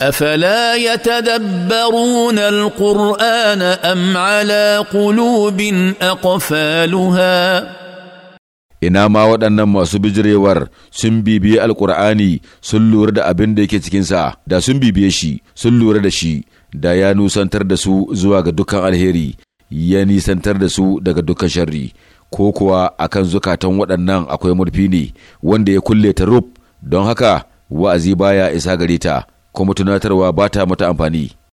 افلا يتدبرون القران ام على قلوب اقفالها ina ma waɗannan masu bijirewar sun bibiye alkur'ani sun lura da abin da yake cikinsa da sun bibiye shi sun lura da shi da ya nusantar da su zuwa ga dukkan alheri ya nisantar da su daga dukkan sharri ko kuwa akan zukatan waɗannan akwai murfi ne wanda ya kulle ta rub don haka wa'azi baya isa gare ta kuma tunatarwa ba ta mata amfani